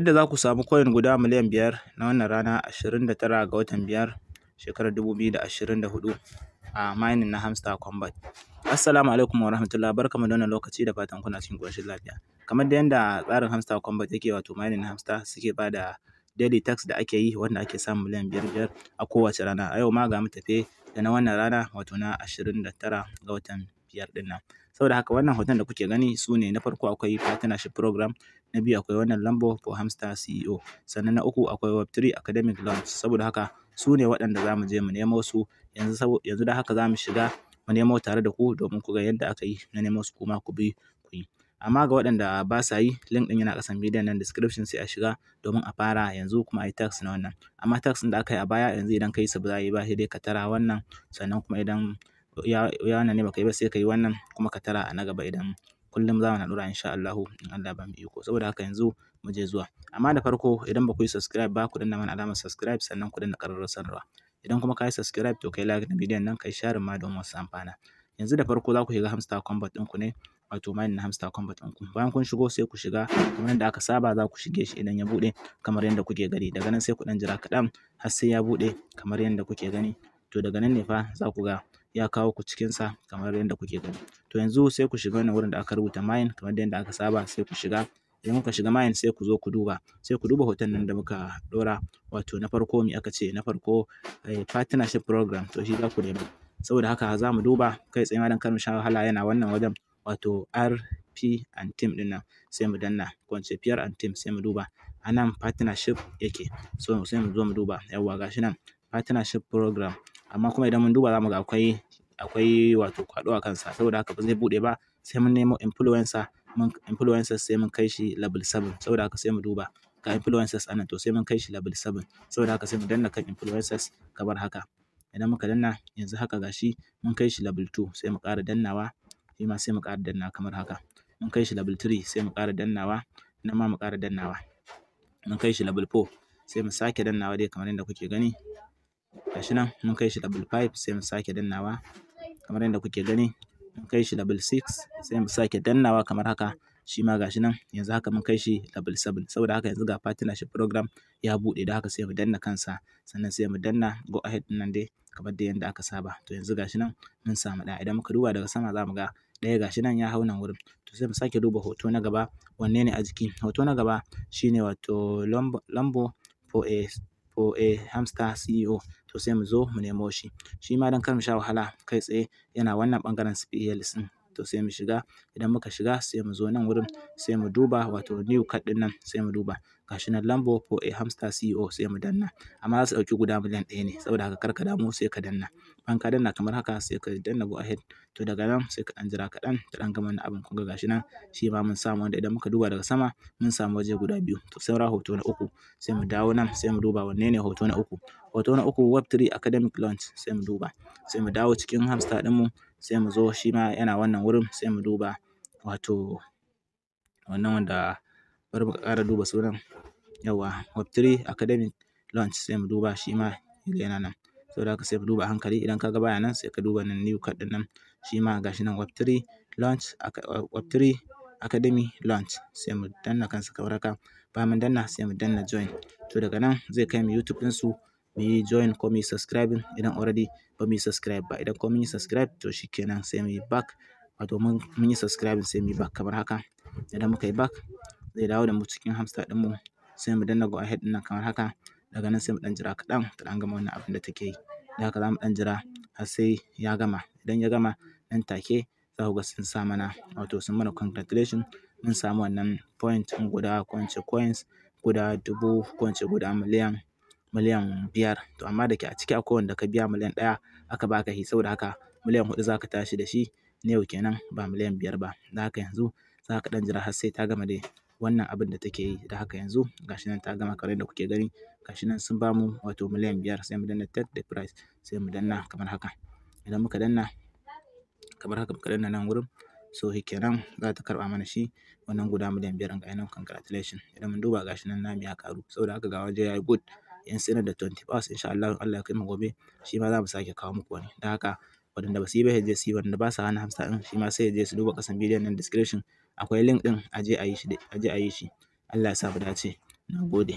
Yadda za ku samu coin guda miliyan biyar na wannan rana 29 ga watan biyar shekarar 2024 a mining na Hamster Combat. Assalamu alaikum wa rahmatullah barkamu da wannan lokaci da fatan kuna cikin koshin lafiya. Kamar da yadda tsarin Hamster Combat yake wato mining na Hamster suke ba da daily tax da ake yi wanda ake samun miliyan biyar biyar a kowace rana. A yau ma ga mu tafe da na wannan rana wato na 29 ga watan biyar ɗin nan. saboda haka wannan hoton da kuke gani su ne na farko akwai partnership program na biyu akwai wannan lambo for hamster ceo sannan na uku akwai web3 academic launch saboda haka su ne waɗanda za mu je mu nemo su yanzu da haka za mu shiga mu nemo tare da ku domin ku ga yadda aka yi na nemo su kuma ku bi ku yi amma ga waɗanda ba sa yi link ɗin yana ƙasan bidiyon nan description sai a shiga domin a fara yanzu kuma a yi tax na wannan amma tax ɗin da aka yi a baya yanzu idan ka yi sa ba za a yi ba sai dai ka tara wannan sannan kuma idan ya wannan ne baka yi ba sai ka yi wannan kuma ka tara a na gaba idan kullum za mu na dora insha Allahu in Allah ba mu iko saboda haka yanzu mu je zuwa amma da farko idan ba ku yi subscribe ba ku danna mana alamar subscribe sannan ku danna karar sanarwa idan kuma ka yi subscribe to kai like na bidiyon nan kai share ma don wasu amfana yanzu da farko za ku shiga hamster combat ku ne wato mine na hamster combat ɗinku bayan kun shigo sai ku shiga kamar yadda aka saba za ku shige shi idan ya bude kamar yadda kuke gani daga nan sai ku ɗan jira kaɗan har sai ya bude kamar yadda kuke gani to daga nan ne fa za ku ga ya kawo ku cikinsa kamar yadda kuke gani. To yanzu sai ku shiga wannan wurin da aka rubuta mine kamar yadda aka saba sai ku shiga. Idan kuka shiga mine sai ku zo ku duba sai ku duba hoton nan da muka ɗora wato na farko me aka ce na farko eh, partnership program to shi za ku nemi. Saboda haka za mu duba kai tsaye ma don kar mu wahala yana wannan wajen wato RP and team ɗin nan sai mu danna ko in ce PR and team sai mu duba a nan partnership yake so sai mu zo mu duba yawwa gashi nan partnership program amma kuma idan mun duba za mu ga akwai akwai wato kwado a kansa saboda haka ba zai bude ba sai mun nemo influencer mun influencers sai mun kai shi level 7 saboda haka sai mu duba ga influencers anan to sai mun kai shi level 7 saboda haka sai mu danna kan influencers kamar haka idan muka danna yanzu haka gashi mun kai shi level 2 sai mu ƙara dannawa shi ma sai mu ƙara danna kamar haka mun kai shi level 3 sai mu ƙara dannawa nan ma mu ƙara dannawa mun kai shi level 4 sai mu sake dannawa dai kamar yadda kuke gani gashi nan mun kai shi double five sai mu sake dannawa kamar yadda kuke gani mun kai shi double six sai mu sake dannawa kamar haka shi ma gashi nan yanzu haka mun kai shi double seven saboda haka yanzu ga partnership program ya buɗe da haka sai mu danna kansa sannan sai mu danna go ahead nan dai kamar da yadda aka saba to yanzu gashi nan mun samu ɗaya idan muka duba daga sama za mu ga ɗaya gashi nan ya hau nan wurin to sai mu sake duba hoto na gaba wanne ne a jiki hoto na gaba shine wato lambo for a for a hamster ceo to sai mu zo mu nemo shi shi ma don kar mu sha wahala kai tsaye yana wannan ɓangaren spheres ɗin wato sai mu shiga idan muka shiga sai mu zo nan wurin sai mu duba wato new card ɗin nan sai mu duba gashi nan lambo for a hamster CEO sai mu danna amma za su ɗauki guda miliyan ɗaya ne saboda haka kar ka damu sai ka danna bayan ka danna kamar haka sai ka danna go ahead to daga nan sai ka ɗan jira kaɗan ta ɗan gama na abin kunga gashi nan shi ma mun samu wanda idan muka duba daga sama mun samu waje guda biyu to saura hoto na uku sai mu dawo nan sai mu duba wanne ne hoto na uku hoto na uku web3 academic launch sai mu duba sai mu dawo cikin hamster ɗinmu sai mu zo shi ma yana wannan wurin sai mu duba wato wannan wanda bari mu ƙara duba sunan yawwa web3 academic launch sai mu duba shi ma yana nan saboda haka sai mu duba hankali idan ka ga baya nan sai ka duba nan new card din nan shi ma gashi nan web3 launch web3 academy launch sai mu danna kansa kamar haka bayan mun danna sai mu danna join to daga nan zai kai mu YouTube ɗinsu mu yi join ko mu yi subscribing idan already ba mu yi subscribe ba. Idan ko mun yi subscribe to shi kenan sai mu yi back wato mun yi subscribing sai mu yi back kamar haka. Idan muka yi back zai dawo da mu cikin hamster mu sai mu danna go ahead ɗin nan kamar haka. Daga nan sai mu ɗan jira kaɗan ta dan gama wannan abin da take yi. Da haka za mu ɗan jira har sai ya gama. Idan ya gama nan take za ku ga sun sa mana wato sun mana congratulation mun samu wannan point guda ko in ce coins guda dubu ko guda miliyan miliyan biyar to amma da ke a ciki akwai wanda ka biya miliyan ɗaya aka baka shi da haka miliyan huɗu za ka tashi da shi na yau kenan ba miliyan biyar ba da haka yanzu za ka ɗan jira har sai ta gama dai wannan abin da take yi da haka yanzu gashi nan ta gama kamar yadda kuke gani gashi nan sun bamu wato miliyan biyar sai mu danna tek da price sai mu danna kamar haka idan muka danna kamar haka muka danna nan wurin so shi kenan za ta karɓa mana shi wannan guda miliyan biyar ga yanan congratulation idan mun duba gashi nan nami ya karu saboda haka ga waje ya yi good instead da 20 hours insha Allah in Allah ya kai mu gobe shi ma za mu sake kawo muku wani da haka wadanda ba su yi ba je su yi waɗanda ba su hana hamsa din shi ma sai je su duba kasan bidiyon nan description akwai link aje, a je a yi shi Allah ya sa mu dace na gode